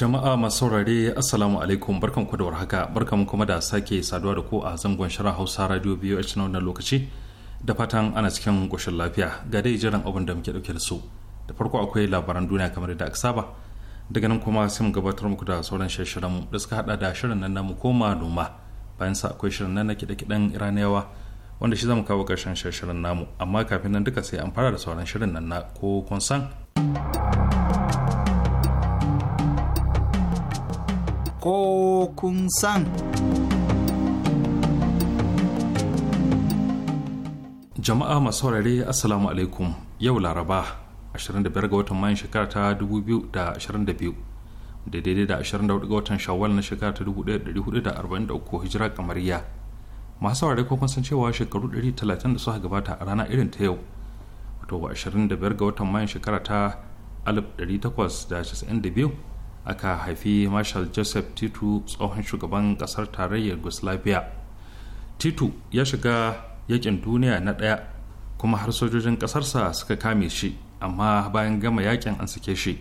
jama'a masu saurare assalamu alaikum barkan ku da warhaka barkan kuma da sake saduwa da ku a zangon shirin hausa radio biyu a cikin wannan lokaci da fatan ana cikin ƙoshin lafiya ga dai jiran abin da muke dauke da su da farko akwai labaran duniya kamar da aka saba daga nan kuma sai mu gabatar muku da sauran shirin mu da suka hada da shirin nan namu koma noma bayan sa akwai shirin nan na kiɗe iraniyawa wanda shi zamu kawo ƙarshen shirin namu amma kafin nan duka sai an fara da sauran shirin nan na ko kun san ko kun san. Jama'a masu saurare Assalamu alaikum yau Laraba 25 ga watan mayan shekara ta 2022 da daidai da 24 ga watan shawwal na shekara ta 1443 hijira kamariya masu saurare ko san cewa shekaru 130 da suka gabata a rana irin ta yau wato 25 ga watan mayan shekara ta 1892 aka haifi marshal joseph titu tsohon shugaban kasar tarayyar yugoslavia titu ya shiga yakin duniya na ɗaya kuma har sojojin ƙasarsa suka kame shi amma bayan gama yakin an sake shi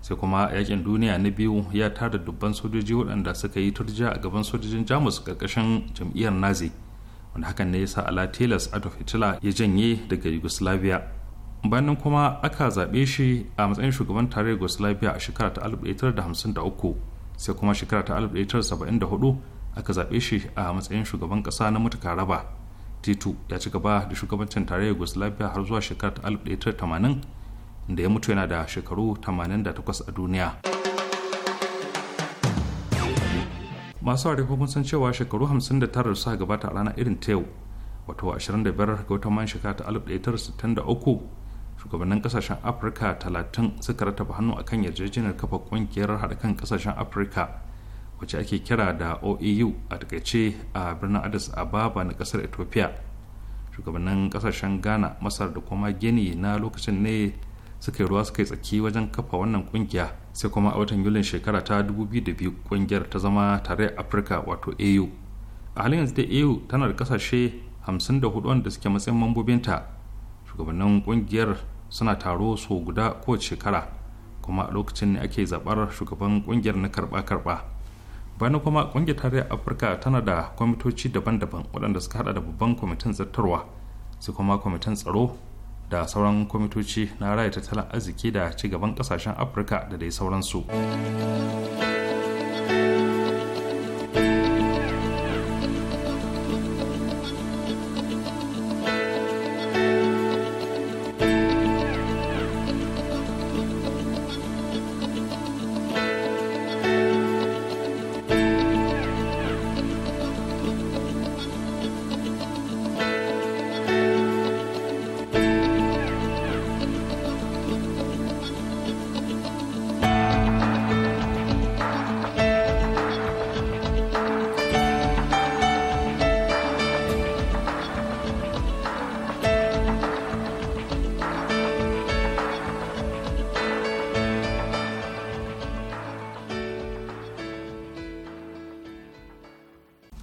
sai kuma yakin duniya na biyu ya tada dubban sojoji waɗanda suka yi turja a gaban sojojin jamus ƙarƙashin jam'iyyar nazi wanda hakan ne ya sa ala tilas adolf hitler ya janye daga yugoslavia bayan kuma aka zaɓe shi a matsayin shugaban tarayyar yugoslavia a shekara ta 1953 sai kuma shekara ta 1974 aka zaɓe shi a matsayin shugaban ƙasa na mutuka raba titu ya ci gaba da shugabancin tarayyar yugoslavia har zuwa shekara ta 1980 da ya mutu yana da shekaru 88 a duniya masu ware kun san cewa shekaru 59 suka gabata a ranar irin ta yau wato 25 ga watan man shekara ta 1963 shugabannin kasashen afirka talatin suka rataba hannu a kan yarjejeniyar kafa kungiyar haɗa kan kasashen afirka wacce ake kira da oeu a takaice a birnin addis ababa na kasar ethiopia shugabannin kasashen ghana masar da kuma gini na lokacin ne suka yi ruwa suka yi tsaki wajen kafa wannan kungiya sai kuma a watan yulin shekara ta 2002 kungiyar ta zama tare afirka wato au e a halin yanzu da au e tana da kasashe 54 wanda suke matsayin mambobinta shugabannin kungiyar suna taro so guda kowace shekara kuma a lokacin ne ake zabar shugaban kungiyar na karba-karba bayan kuma kungiyar tarayyar afirka tana da kwamitoci daban-daban waɗanda suka hada da babban kwamitin zartarwa sai kuma kwamitin tsaro da sauran kwamitoci na raya tattalin arziki da ci gaban kasashen afirka da dai sauransu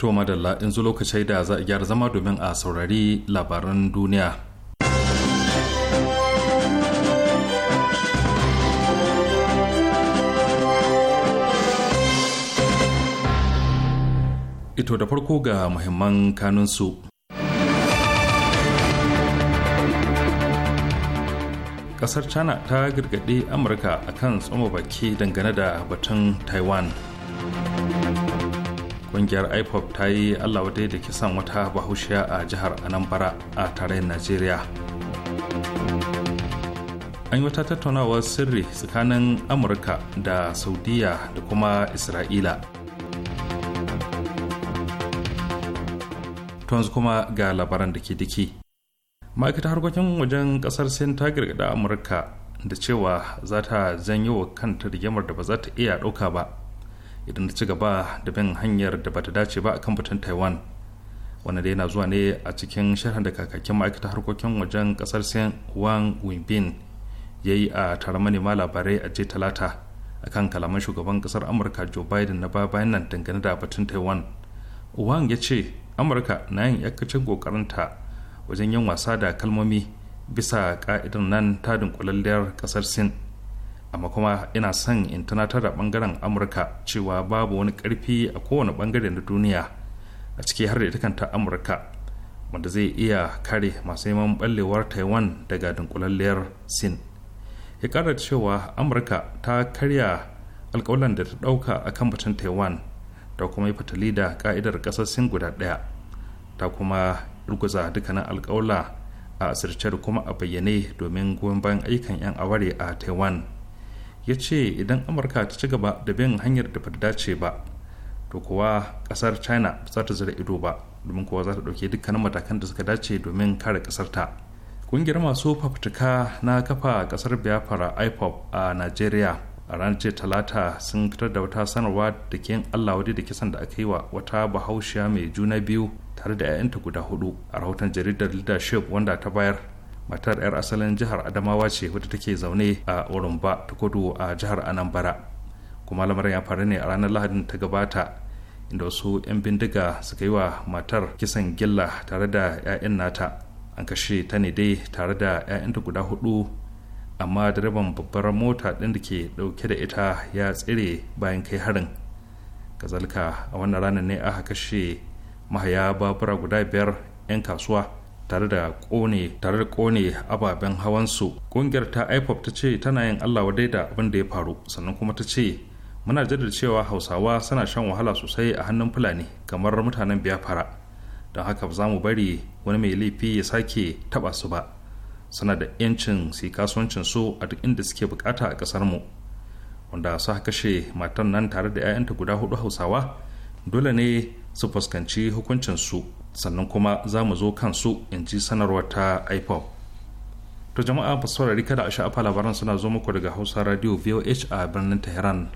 To madalla in zo lokacin da za a gyara zama domin a saurari labaran duniya. Ito da farko ga muhimman kanunsu. Kasar China ta gargaɗe Amurka akan tsoma baki dangane da batun Taiwan. kungiyar ipop ta yi allah wadai da kisan wata bahaushiya a jihar anambra a tarayyar najeriya an yi wata tattaunawar sirri tsakanin amurka da saudiya da kuma isra'ila yanzu kuma ga labaran da ke diki ma'aikatar harkokin wajen kasar sin ta girgada amurka da cewa za ta janyo wa kanta rigimar da ba za ta iya ɗauka ba idan ta ci gaba da bin hanyar da bata dace ba akan batun taiwan wanda da yana zuwa ne a cikin sharhan da kakakin ma'aikatar harkokin wajen kasar sin wang winbin ya yi a tare manema labarai a je talata akan kalaman shugaban kasar amurka joe biden na bayan nan dangane da batun taiwan wang ya ce amurka na yin yakacin kokarinta wajen yin wasa da kalmomi bisa ƙa'idar nan ta dunkulalliyar kasar sin amma kuma ina son in tunatar da bangaren amurka cewa babu wani karfi a kowane bangare na duniya a ciki har da ita ta amurka wanda zai iya kare masu neman ballewar taiwan daga dunkulalliyar sin ya kara cewa amurka ta karya alkawalan da ta dauka a kan batun taiwan ta kuma yi fitali da ka'idar kasar sin guda daya ta kuma ruguza dukkanin alkawala a asirce da kuma a bayyane domin goyon bayan ayyukan 'yan aware a taiwan ya ce idan amurka ta ci gaba da bin hanyar da bata dace ba to kuwa kasar china za ta zira ido ba domin kuwa za ta dauke dukkanin matakan da suka dace domin kare kasar ta kungiyar masu fafutuka na kafa kasar biafra ipop a nigeria a ranar ce talata sun fitar da wata sanarwa da ke allah wadai da kisan da aka yi wa wata bahaushiya mai juna biyu tare da 'ya'yanta guda hudu a rahoton jaridar leadership wanda ta bayar matar 'yar asalin jihar adamawa ce wadda take zaune a urumba ta kudu a jihar anambra kuma lamarin ya faru ne a ranar lahadin ta gabata inda wasu 'yan bindiga suka yi wa matar kisan gilla tare da 'ya'yan nata an kashe ta ne dai tare da 'ya'yanta guda hudu amma direban babbar mota ɗin da ke ɗauke da ita ya tsire bayan kai harin kazalika a wannan ranar ne aka kashe mahaya babura guda biyar 'yan kasuwa tare da kone tare da kone ababen hawansu kungiyar ta ipop ta ce tana yin allah wadai da abin da ya faru sannan kuma ta ce muna jaddada cewa hausawa suna shan wahala sosai a hannun fulani kamar mutanen biyafara don haka ba za mu bari wani mai laifi ya sake taba su ba suna da yancin su kasuwancin su a duk inda suke bukata a kasar mu wanda su kashe matan nan tare da 'ya'yanta guda hudu hausawa dole ne su fuskanci hukuncin su sannan kuma za mu zo kansu in ji sanarwar ta ipop to jama'a ba saurari kada a sha'afa labaran suna zo muku daga hausa radio voh a birnin tehran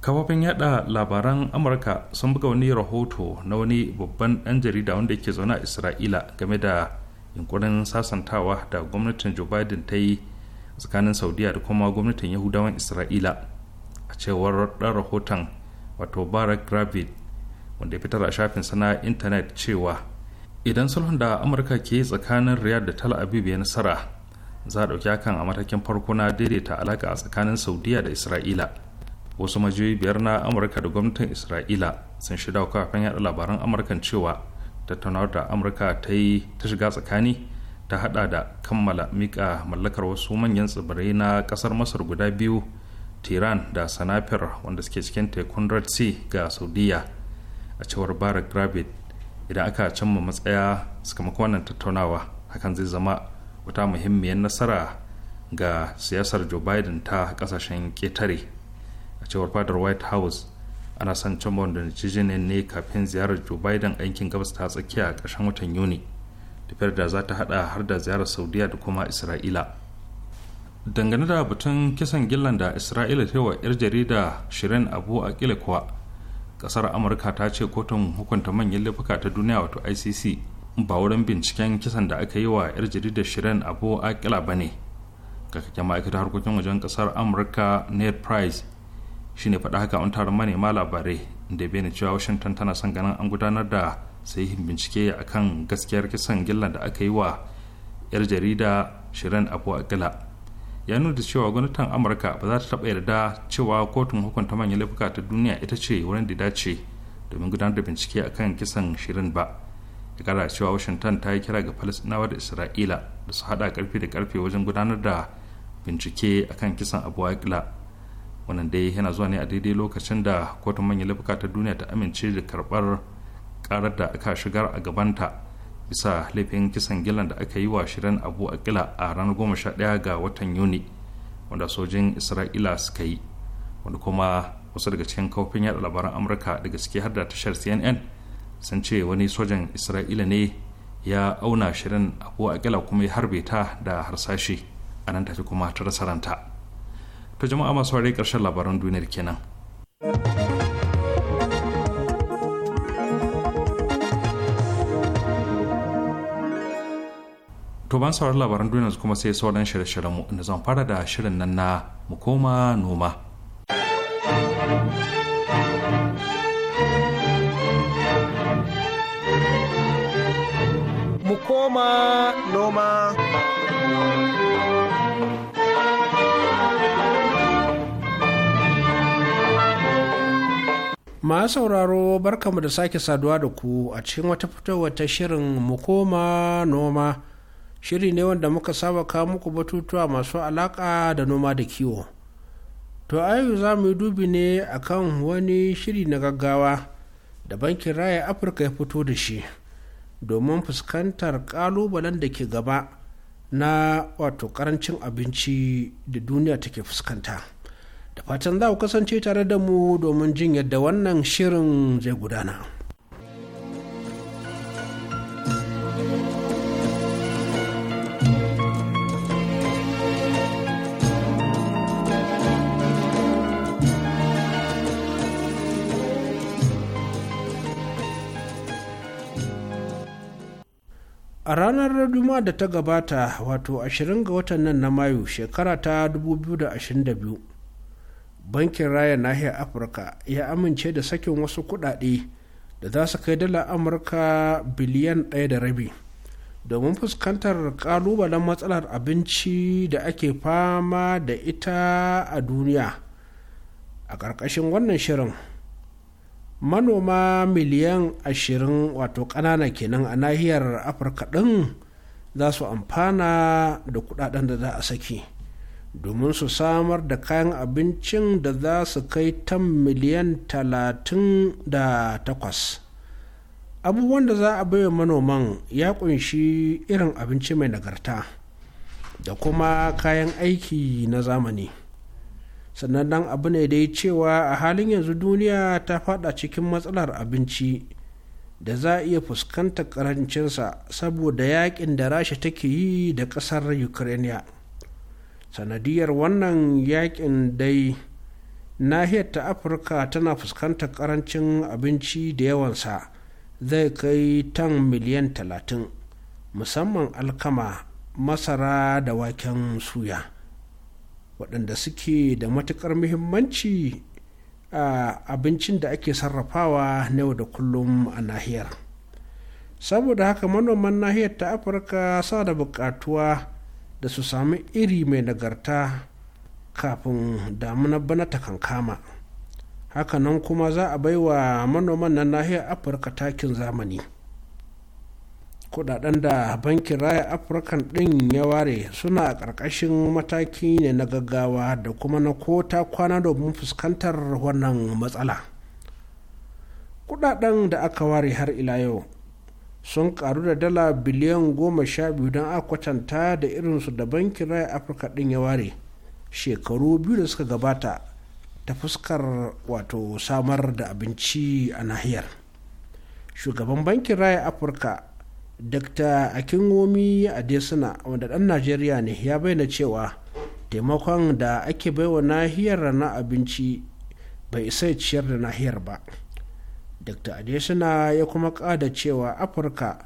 kafofin yada labaran amurka sun buga wani rahoto na wani babban dan jarida wanda yake zaune a isra'ila game da yunkurin sasantawa da gwamnatin joe biden ta yi tsakanin saudiya da kuma gwamnatin yahudawan isra'ila a cewar dan rahoton wato barak gravid wanda ya fitar a shafin sana intanet cewa idan sulhun da amurka ke tsakanin riyadh da tel aviv ya nasara za a ɗauki hakan a matakin farko na daidaita alaƙa a tsakanin saudiya da isra'ila wasu majiyoyi biyar na amurka da gwamnatin isra'ila sun shida wa yaɗa labaran amurkan cewa tattaunawar da amurka ta yi ta shiga tsakani ta hada da kammala mika mallakar wasu manyan tsibirai na kasar masar guda biyu tehran da sanafir wanda suke cikin tekun red sea ga saudiya a cewar barak gravid idan aka cimma matsaya sakamakon wannan tattaunawa hakan zai zama wata muhimmiyar nasara ga siyasar joe biden ta kasashen ketare a cewar fadar white house ana son cimma wanda ne kafin ziyarar joe biden a yankin gabas ta tsakiya a ƙarshen watan yuni tafiyar da za ta hada har da ziyarar saudiya da kuma isra'ila dangane da batun kisan gillan da isra'ila ta yi wa yar jarida shirin abu a kuwa kasar amurka ta ce kotun hukunta manyan laifuka ta duniya wato icc ba wurin binciken kisan da aka yi wa yar jaridar shirin abu akila ba ne kakakken ma'aikatar harkokin wajen kasar amurka ned price shine faɗa haka wani taron manema labarai da bai cewa washington tana son ganin an gudanar da sahihin bincike akan gaskiyar kisan gillan da aka yi wa yar jarida shirin abu akila ya nuna cewa gwamnatin amurka ba za ta taba yarda cewa kotun hukunta manyan laifuka ta duniya ita ce wurin da dace domin gudanar da bincike akan kisan shirin ba ya kara cewa washington ta yi kira ga falastinawa da isra'ila da su hada karfe da karfe wajen gudanar da bincike akan kisan abu aikila wannan dai yana zuwa ne a daidai lokacin da kotun manyan laifuka ta duniya ta amince da karbar karar da aka shigar a gabanta bisa laifin kisan gilan da aka yi wa shirin abu a akila a ranar goma sha ɗaya ga watan yuni wanda sojin isra'ila suka yi wanda kuma wasu daga cikin kafofin yada labaran amurka daga suke har da tashar cnn sun ce wani sojan isra'ila ne ya auna shirin abu a akila kuma ya harbe ta da harsashi a nan tafi kuma ta rasa ranta ta jama'a masu karshen labaran duniyar kenan. to ban sauran labaran duniya kuma sai sauran shirye-shiryen mu inda zan fara da shirin nan na mu koma noma mu koma noma Ma sauraro barkamu da sake saduwa da ku a cikin wata fitowar ta shirin mu koma noma shiri ne wanda muka saba kawo muku batutuwa masu alaƙa da noma da kiwo to ayu za mu yi dubi ne akan wani shiri na gaggawa da bankin raya afirka ya fito da shi domin fuskantar ƙalubalen da ke gaba na wato karancin abinci da duniya take fuskanta da fatan za ku kasance tare da mu domin jin yadda wannan shirin zai gudana. ranar juma'a da ta gabata wato 20 ga watan nan na mayu shekara ta 2022 bankin raya nahiyar afirka ya amince da sakin wasu kudade da za su kai dala amurka biliyan ɗaya da rabi domin fuskantar kalubalen matsalar abinci da ake fama da ita a duniya a ƙarƙashin wannan shirin manoma miliyan 20 wato ƙanana kenan a nahiyar afirka ɗin za su amfana da kudaden da za a saki domin su samar da kayan abincin da za su kai tan miliyan 38 abubuwan da za a baiwa manoman ya kunshi irin abinci mai nagarta da kuma kayan aiki na zamani. sannan abu ne da ya cewa a halin yanzu duniya ta fada cikin matsalar abinci da za a iya fuskanta karancinsa saboda yakin da rasha take yi da kasar ukraine sanadiyar wannan yakin dai nahiyar ta afirka tana fuskantar karancin abinci da yawansa zai kai tan miliyan talatin musamman alkama masara da waken suya waɗanda suke da matuƙar muhimmanci a abincin da ake sarrafawa na yau da kullum a nahiyar saboda haka manoman nahiyar ta afirka sa da buƙatuwa da su sami iri mai nagarta kafin damuna bana ta kankama hakanan kuma za a baiwa manoman na nahiyar afirka takin zamani kudaden da bankin raya afirka din ya ware suna a ƙarƙashin mataki ne na gaggawa da kuma na kota kwana domin fuskantar wannan matsala kudaden da aka ware har ila yau sun karu da dala biliyan goma sha biyu don akwatanta da irinsu da bankin raya afirka din ya ware shekaru biyu da suka gabata ta fuskar wato samar da abinci a nahiyar shugaban bankin raya afirka dr akinwomi adesina wanda ɗan najeriya ne ya bayyana cewa taimakon da ake baiwa nahiyar na abinci bai isa ciyar da nahiyar ba dr adesina ya kuma ƙada cewa afirka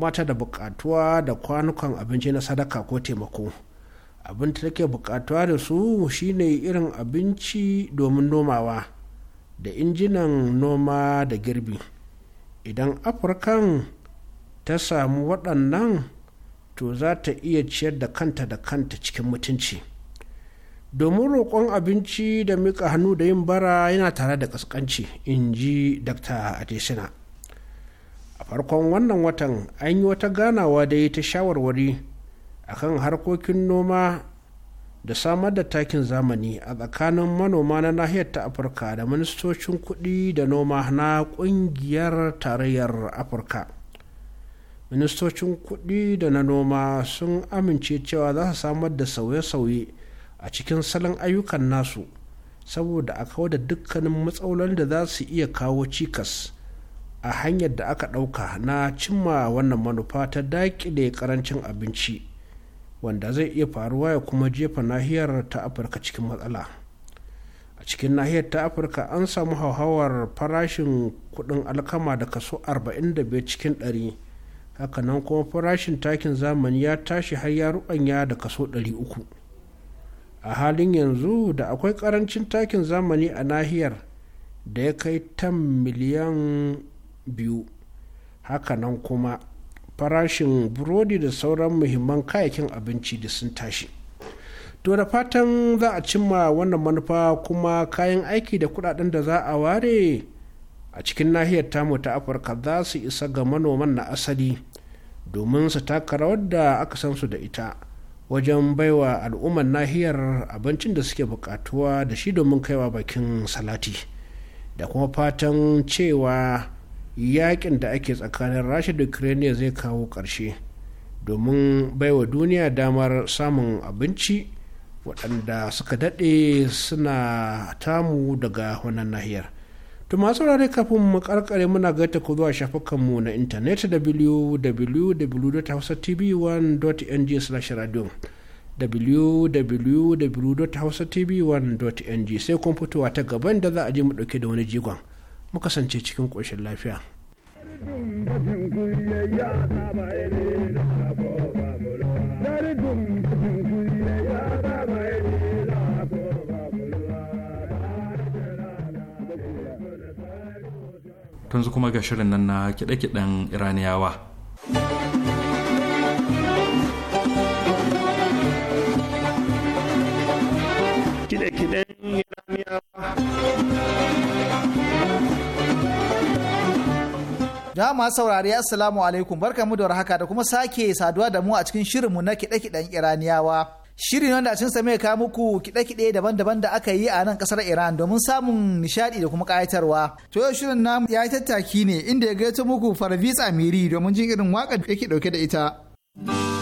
mata da bukatuwa da kwanukan abinci na sadaka ko taimako abin da take bukatuwa da su shine irin abinci domin nomawa da injinan noma da girbi idan afirkan ta samu waɗannan to za ta iya ciyar da kanta da kanta cikin mutunci domin roƙon abinci da miƙa hannu da yin bara yana tare da ƙasƙanci in ji dr adesina a farkon wannan watan an yi wata ganawa da ta shawarwari akan harkokin noma da samar da takin zamani a tsakanin manoma na nahiyar ta afirka da ministocin kuɗi da noma na ƙungiyar tarayyar afirka ministocin kuɗi da na noma sun amince cewa za su samar da sauye-sauye a cikin salon ayyukan nasu saboda a kawo da dukkanin matsalolin da za su iya kawo cikas a hanyar da aka ɗauka na cimma wannan manufa ta daƙile karancin abinci wanda zai iya faruwa ya kuma jefa nahiyar ta afirka cikin matsala a cikin nahiyar ta afirka an samu hauhawar farashin kudin alkama da kaso 45 cikin 100 hakanan kuma farashin takin zamani ya tashi har ya rubanya da kaso 300 a halin yanzu da akwai ƙarancin takin zamani a nahiyar da ya kai tam miliyan biyu hakanan kuma farashin burodi da sauran muhimman kayakin abinci da sun tashi to da fatan za a cimma wannan manufa kuma kayan aiki da kudaden da za a ware a cikin nahiyar tamu ta afirka za su isa ga manoman na asali domin su taka rawar da aka san su da ita wajen baiwa al'ummar nahiyar abincin da suke bukatuwa da shi domin kaiwa bakin salati da kuma fatan cewa yakin da ake tsakanin rasha da ukraine zai kawo ƙarshe domin baiwa duniya damar samun abinci waɗanda suka daɗe suna tamu daga wannan nahiyar. To masu rarrai kafin mu karkare muna gaita ku zuwa shafukanmu na intanet www.hausatv1.ng slash radio www.hausatv1.ng sai kun fitowa ta gaban da za a je mu dauke da wani jigon. Mu kasance cikin ƙoshin lafiya. yanzu kuma ga shirin nan na kiɗe-kiɗen iraniyawa kiɗe saurari assalamu alaikum barkamu da warhaka da kuma sake saduwa da mu a cikin shirinmu na kiɗe-kiɗen iraniyawa shirin wanda a cinsa mai kawo muku kiɗe-kiɗe daban-daban da aka yi a nan ƙasar Iran domin samun nishaɗi da kuma ƙayatarwa. To yau shirin na ya yi tattaki ne inda ya gaito muku Farvis Amiri domin jin irin waƙar da yake ɗauke da ita.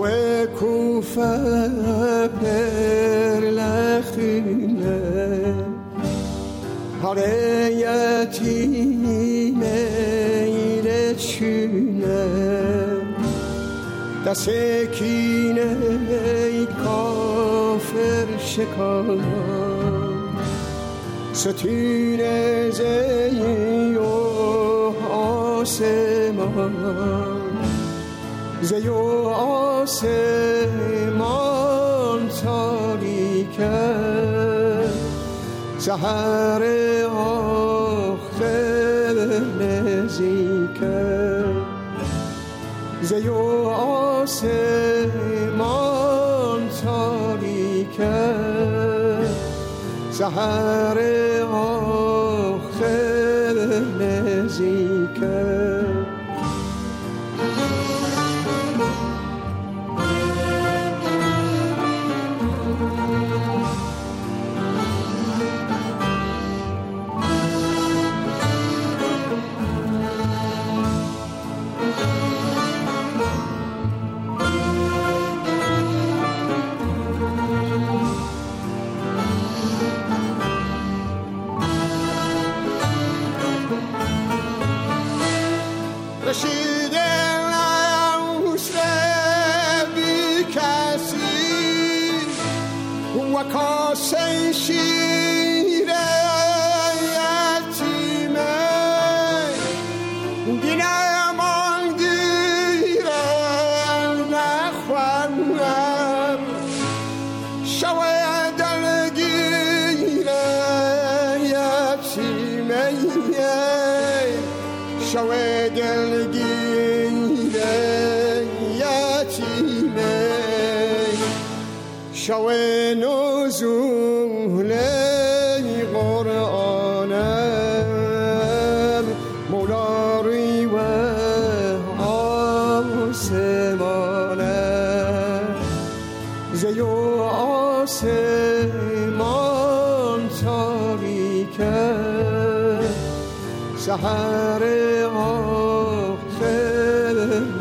وكوفة برلخيلة Hareyetime iletişine Da sekine kafir şekana Sütüne zeyo aseman Zeyo آسمان تاریک سحر آخر نزدیک زیو آسمان تاریک سحر آخر نزدیک 他身心。عف خل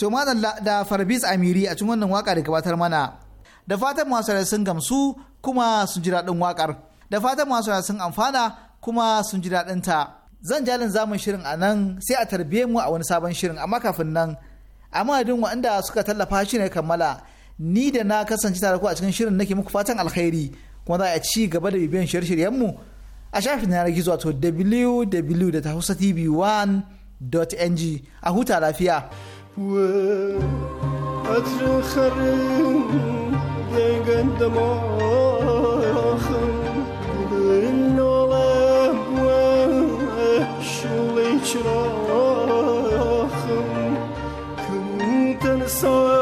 To malam da Farbis Amiri a cikin wannan waka da gabatar mana. Da fatan masu sun gamsu kuma sun ji daɗin wakar. Da fatan masu sun amfana kuma sun ji daɗin ta. Zan jalin zamun shirin a nan sai a tarbiye mu a wani sabon shirin amma kafin nan. amma madadin waɗanda suka tallafa shi ne kammala. ni da na kasance tare ku a cikin shirin nake muku fatan alkhairi kuma za a ci gaba da bibiyan shirye-shiryenmu a shafin yanar gizo wato wwwtv 1ng a huta lafiya. So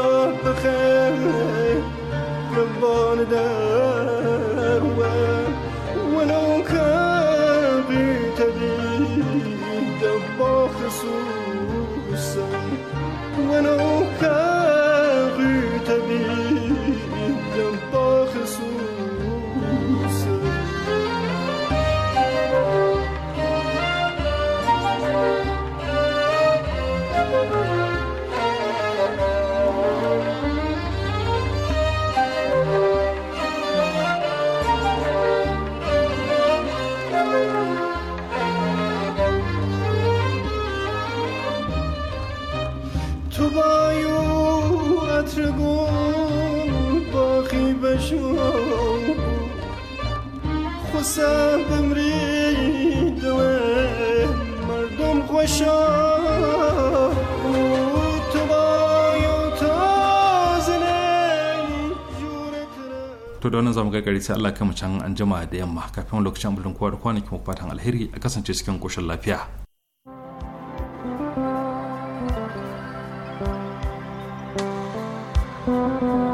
wannan zamu ga gari sai Allah kai mu can an jima da yamma kafin lokacin bulun kowa da kwanaki mu fatan alheri a kasance cikin koshin lafiya thank you